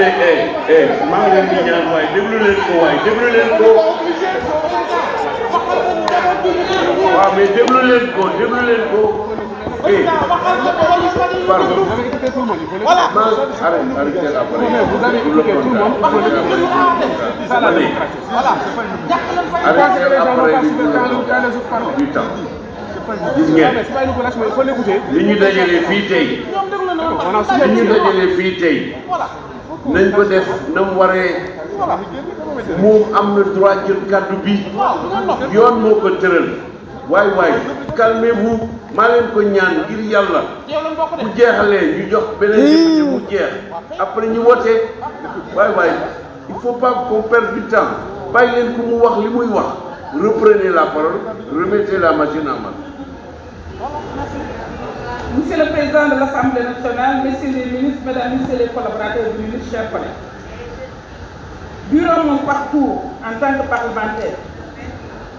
ne eh eh maa ngi leen di ñaan waaye déglu leen ko waaye déglu leen ko waaw mais déglu leen ko déglu leen ko eh pardon voilà arrête arrête après pour le contact allez arrête après du temps gis ngeen li ñu dajale fii tey li ñu dajale fii tey nañ ko def na mu waree moom am na droit jël kàddu bi yoon moo ko tëral waay waay calmez-vous maa leen ko ñaan ngir yàlla bu jeexalee ñu jox beneen député mu jeex après ñu wote waay waay il faut pas qu'on perde du ku mu wax li muy wax reprenez la parole remettez la machine en marche Monsieur le Président de l'Assemblée nationale, Messieurs les ministres, Mesdames, Messieurs les collaborateurs du ministre, chers collègues. Durant mon parcours en tant que parlementaire,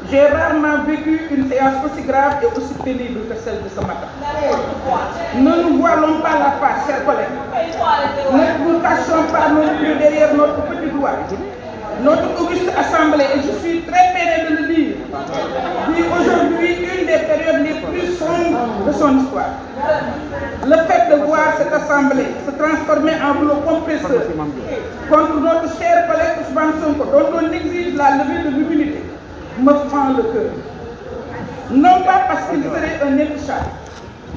j'ai rarement vécu une séance aussi grave que celle de ce matin. Ne nous voilons pas la face, chers collègues. Ne nous cachons pas non plus derrière notre Notre auguste assemblée, et je suis très peiné de le vit aujourd'hui une des périodes les plus sombres de son histoire. Le fait de voir cette assemblée se transformer en bloc compresseur contre notre cher collègue Ousmane Sonko, dont on exige la levée de l'immunité, me fend le Non pas parce qu'il serait un intouchable,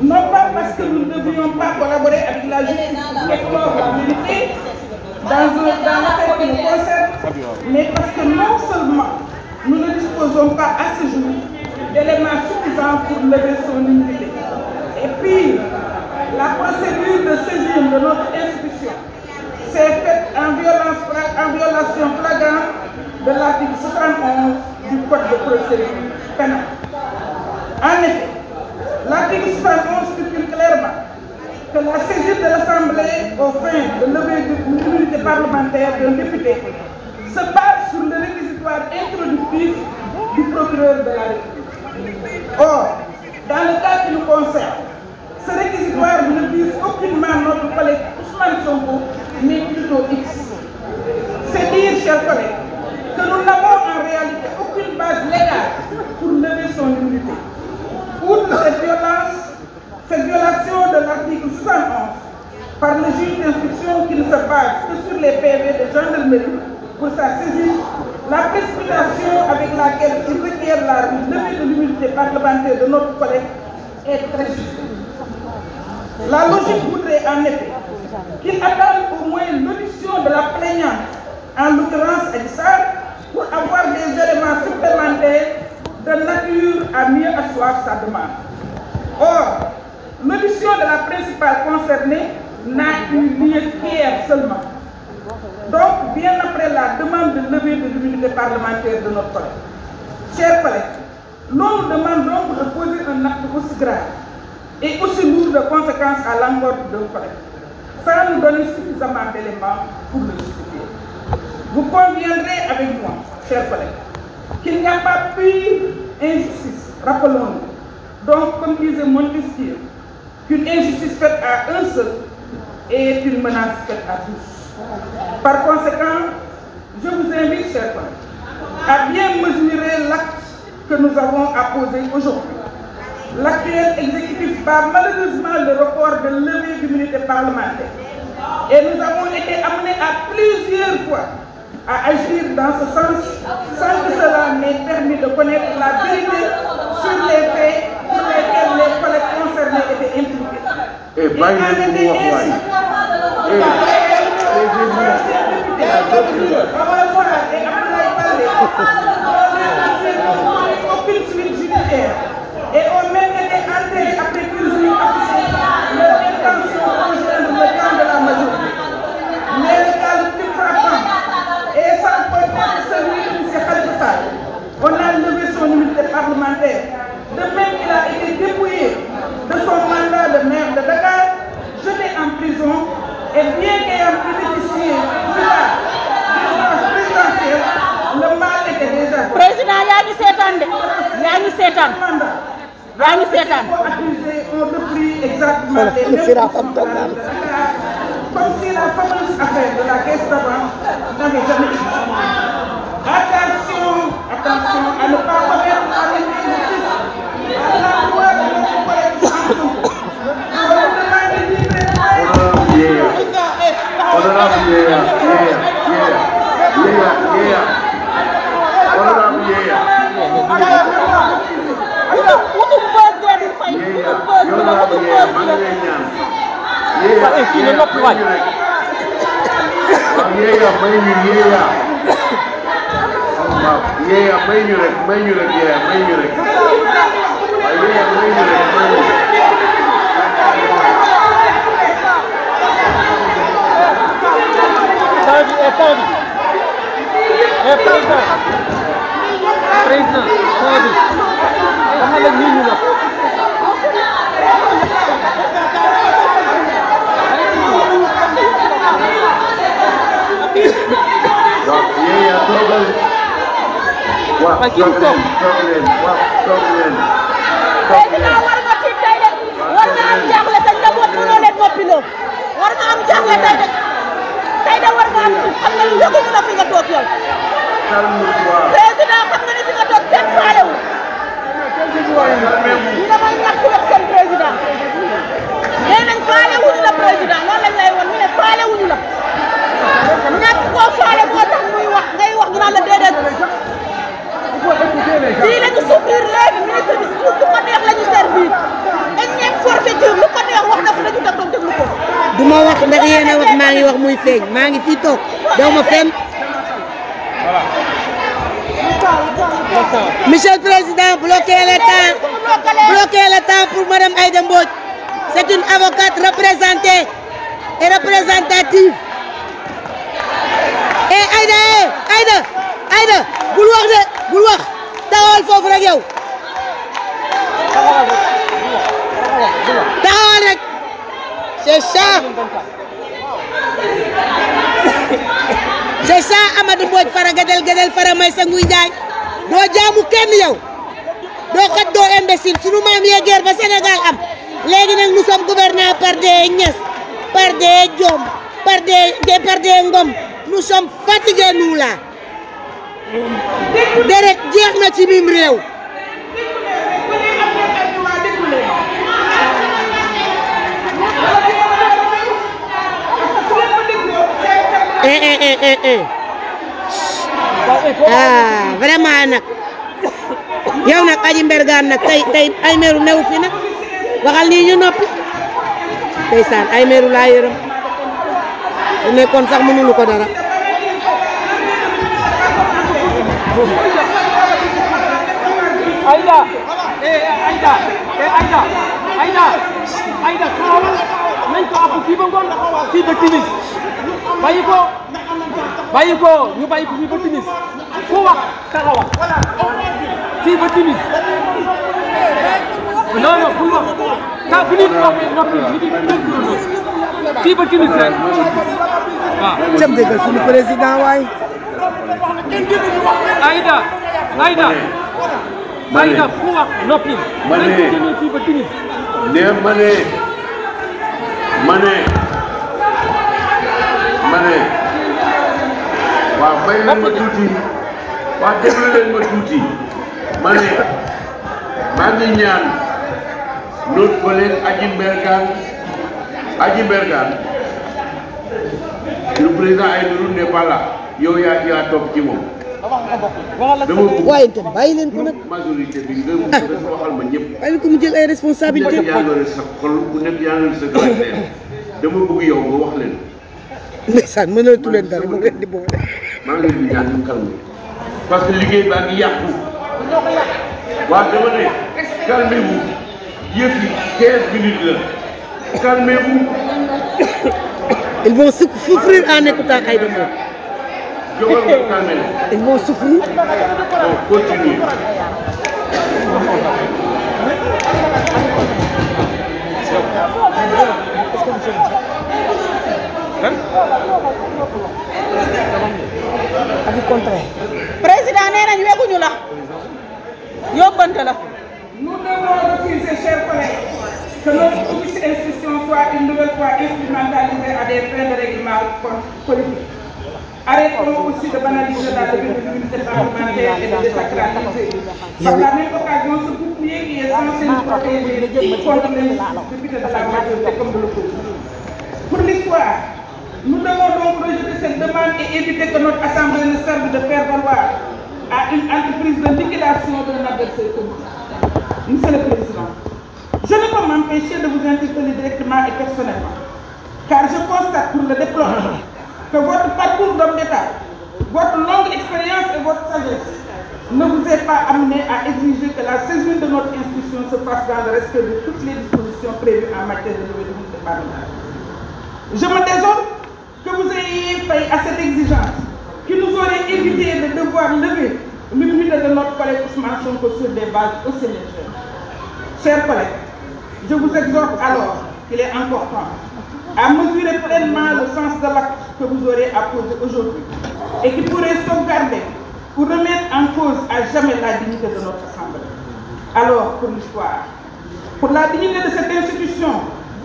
non pas parce que nous ne devions pas collaborer avec la justice et mais parce que non seulement mu ne disposons pas à ce jour d'éléments suffisants pour son immunité. Et puis, la procédure de saisine de notre institution s'est faite en, violence, en violation flagrante de l'article du Code de procédure pénale. de l'Assemblée aux fins de lever l'immunité parlementaire d'un député se base sur le réquisitoire introduit justice du procureur de la Or, dans le cas qui nous concerne, ce réquisitoire ne vise aucunement notre collègue Ousmane Sonko, mais plutôt X. C'est dire, chers collègues, que nous n'avons en réalité aucune base légale pour lever son immunité. Outre cette violence, cette violation de l'article 71 par le juge d'instruction qui ne se base que sur les PV de gendarmerie pour sa saisie La précipitation avec laquelle il requiert la levée de l'immunité de notre collègue est La logique voudrait en effet qu'il attende au moins l'audition de la plaignante, en l'occurrence Adissar, pour avoir des éléments de nature à mieux asseoir sa demande. Or, l'audition de la principale concernée n'a eu lieu seulement. Donc, bien après la demande de levée de parlementaire de notre collègue, chers collègues, l'on nous demande donc de poser un acte aussi et aussi lourd de conséquences à l'encontre d'un collègue, sans nous donner suffisamment d'éléments pour le justifier. Vous conviendrez avec moi, chers collègues, qu'il n'y a pas pire injustice, rappelons-nous, donc comme disait Montesquieu, qu'une injustice faite à un seul est une menace faite à Par conséquent, je vous invite, chers collègues, à bien mesurer l'acte que nous avons à poser aujourd'hui. L'actuel exécutif bat malheureusement le record de levée d'immunité parlementaire. Et nous avons été amenés à plusieurs fois à agir dans ce sens sans que cela n'ait permis de connaître la vérité sur les faits pour lesquels les collègues concernés étaient impliqués. Eh, Et, Et Agora, é, é, é, é, é, é, é, yaa ngi seetaan. on reprit exactement les mêmes comme si la fameuse affaire de la caisse d'avant n'avait jamais existé. attention attention à ne pas commettre avec injustice à la loi de notre collègue Samson. le gouvernement de Libé. honorable yéen maa ngi leen ñaan. yéen yéen yéen yéen yéen yéen ñu rek may ñu rek yéen may ñu rek waaye yéen may ñu rek may ñu rek. temps bi temps bi. et président président temps bi. wax nga leen nii ñu nag. ak ki mu toog. tey da ngaa war a noppi tey de war nga am jaaxle te njaboot mënoo leen noppiloo war nga am jaaxle tey de tey de war nga am xam nga yëguñu la fi nga toog yow. président xam nga ni fi nga toog kenn faale wu. di feeñ maa ngi fii toog daw ma fenn. voilà. monsieur le président bloquez le temps bloquez le temps pour madame Aïda Mbodj c'est une avocate représentée et représentative et eh, Aïda eh, Aïda Aïda bul wax de bul wax taxawal foofu rek yow taxawal rek c'est ça c'est ça Amadou Mbodj fara gadel gadel fara may sa nguy doo jaamu kenn yow doo xaj doo imbécile sunu maam yee ba Sénégal am léegi nag nous sommes gouvernés par des Niass par des Diom par des par des Ngom nous sommes fatigués nous deret jeex na ci mim réew Eh, eh, eh, ah vraiment nag yow nag aji mbergaan nag tey tey ay meeru new fi nag waxal nii ñu noppi ndeysaan ay meeru laa yërëm bu nekkoon sax mënuñu ko ko àpp bàyyi ko bàyyi ko ñu bàyyi ko fii ba timis ku wax taxawal fii ba timis non non bul wax ta bu nit noppee noppi nit ñi dégg fii ba timis rek waaw. cam déggal suñu président waay. Aïda Aïda. ma ne Aïda ku wax noppi. ma ne ma ne fii ba timis. nee ma ne ma ne. may leen ma tuuti wax déglu leen ma tuuti maa ngi ñaan notre collègue Adji Mbergane Adji Mbergane le président Aïdara n'est pas yow yaa yaa topp ci moom. waaye itam bàyyi leen ko nag majorité bi nga waxal ma ñëpp. ay responsabilités. ku nekk yaa ngi sa xol ku yow nga wax leen. ndeysaan mënatu leen dara mu leen di boole. maa ngi leen di ñaan ñu calmer parce que liggéey baa ngi yàqu waaw dama ne calmez-vous yëf yi 15 minutes la calmez-vous. ils vont souffrir en écoutant Aïda Mbodj. jógal nga calmer ils vont souffrir. bon continuez. yóbbante la. Nous devons refuser, chers collègues, que notre auguste institution soit une nouvelle fois instrumentalisée à des fins de règlement politique. Arrêtons aussi de banaliser la légitimité parlementaire et de désacraliser. Par la même occasion, ce bouclier qui est censé nous protéger contre les députés de la majorité comme de l'opposition. Pour l'histoire, nous devons donc rejeter cette demande et éviter que notre Assemblée ne serve de faire valoir une entreprise de liquidation d'un adversaire politique. Monsieur le Président, je ne peux m'empêcher de vous interpeller directement et personnellement, car je constate pour le déploiement que votre parcours d'homme votre longue expérience et votre sagesse ne vous est pas amené à exiger que la saisine de notre institution se fasse dans le respect de toutes les dispositions prévues en matière de développement de parlement. Je me désole que vous l'immunité de notre collègue Ousmane Sonko sur des bases aussi légères. Chers collègues, je vous exhorte alors qu'il est encore à mesurer pleinement le sens de l'acte que vous aurez à poser aujourd'hui et qui pourrait sauvegarder ou remettre en cause à jamais la dignité de notre Assemblée. Alors, pour l'histoire, pour la dignité de cette institution,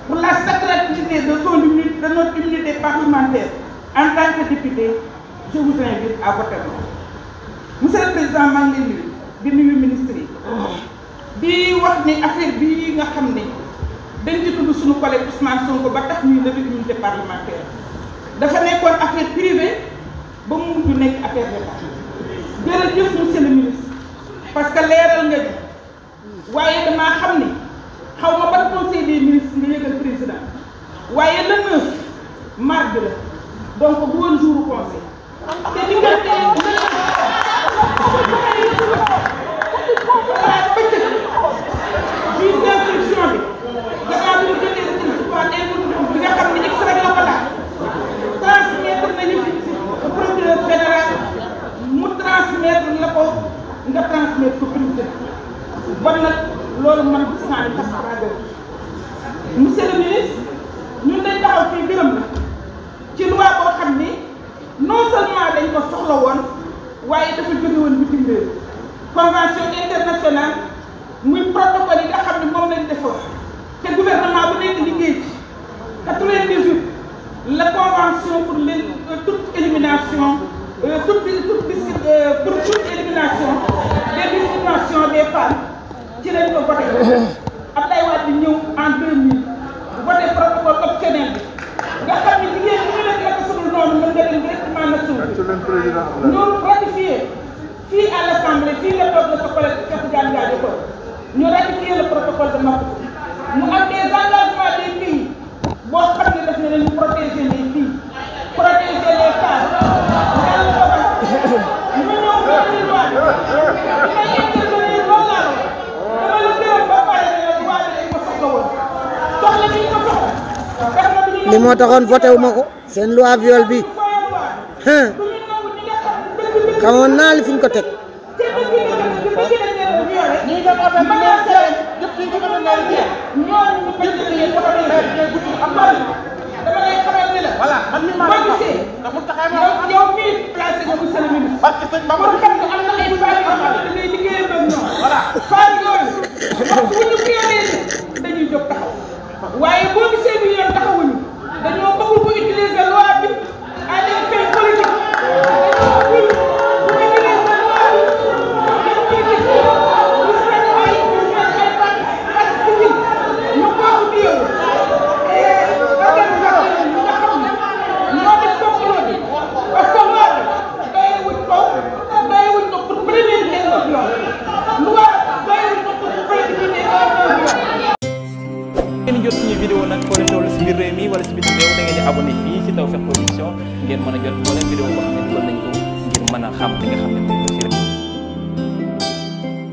pour la sacralité de, son, de notre immunité parlementaire en tant que député, je vous invite à monsieur le président maa ngi lay nuyu di ministre yi di wax ni affaire bi nga xam ne dañ ci tudd suñu collègue Ousmane Sonko ba tax ñuy levée d'immunité parlementaire dafa nekkoon affaire privée ba mu mujj nekk affaire d'État jërëjëf monsieur le ministre parce que leeral nga ji waaye damaa xam ni xaw ma ban conseil des ministres nga yëgal président waaye le neuf mardi la donc bu woon conseil loolu man gis naa ne élimination, euh, toute, toute, toute, euh, pour toute élimination des ci lañ ko voté Abdoulaye Wade ñëw en 2000 voté protocole optionnel bi nga xam ne jigéen ñi nga leen yàq sudul noonu mën nga leen directement na suuf ñu ratifié fii à l' assemblée fii la toog sa collègue Cheikh Diagne Gadio ko ñu ratifié le protocole de Maputo mu li moo taxoon voté wu ma ko seen loi viol bi xamoon naa li ko teg